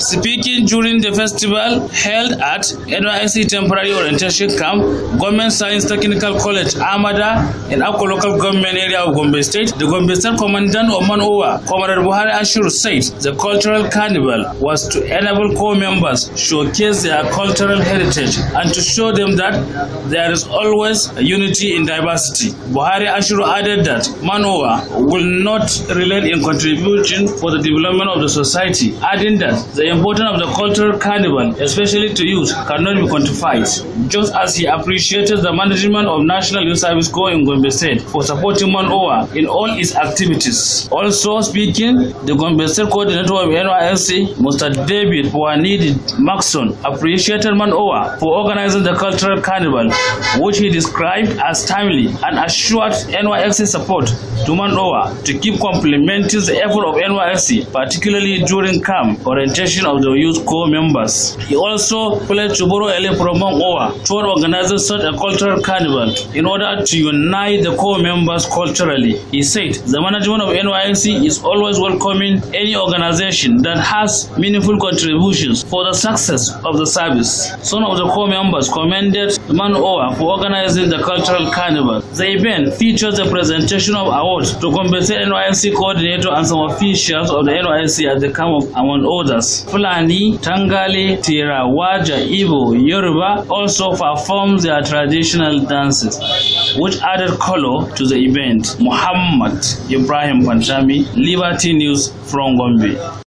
Speaking during the festival held at NYC Temporary Orientation Camp, Government Science Technical College, Amada, in Akko local government area of Gombe State, the Gombe State Commandant of Owa, Comrade Buhari Ashur said the cultural carnival was to enable co members showcase their cultural heritage and to show them that there is always unity in diversity. Buhari Ashur added that Manowa will not relent in contributing for the development of the society, adding that the The importance of the cultural carnival, especially to youth, cannot be quantified, just as he appreciated the management of National Youth Service Corps in Gombe State for supporting Manoa in all its activities. Also speaking, the Gombe State coordinator of NYSC, Mr. David Puanidi Maxon, appreciated Manoa for organizing the cultural carnival, which he described as timely and assured NYSC support to Manoa to keep complementing the effort of NYSC, particularly during camp orientation association of the youth core members. He also pledged to borrow a from Owa toward organizing such a cultural carnival in order to unite the core members culturally. He said, The management of NYC is always welcoming any organization that has meaningful contributions for the success of the service. Some of the core members commended Man Owa for organizing the cultural carnival. The event features the presentation of awards to compensate NYC coordinator and some officials of the NYC at the camp among others. Fulani, Tangale, waja Ibo, Yoruba also perform their traditional dances, which added color to the event. Muhammad Ibrahim Panchami, Liberty News from Gombe.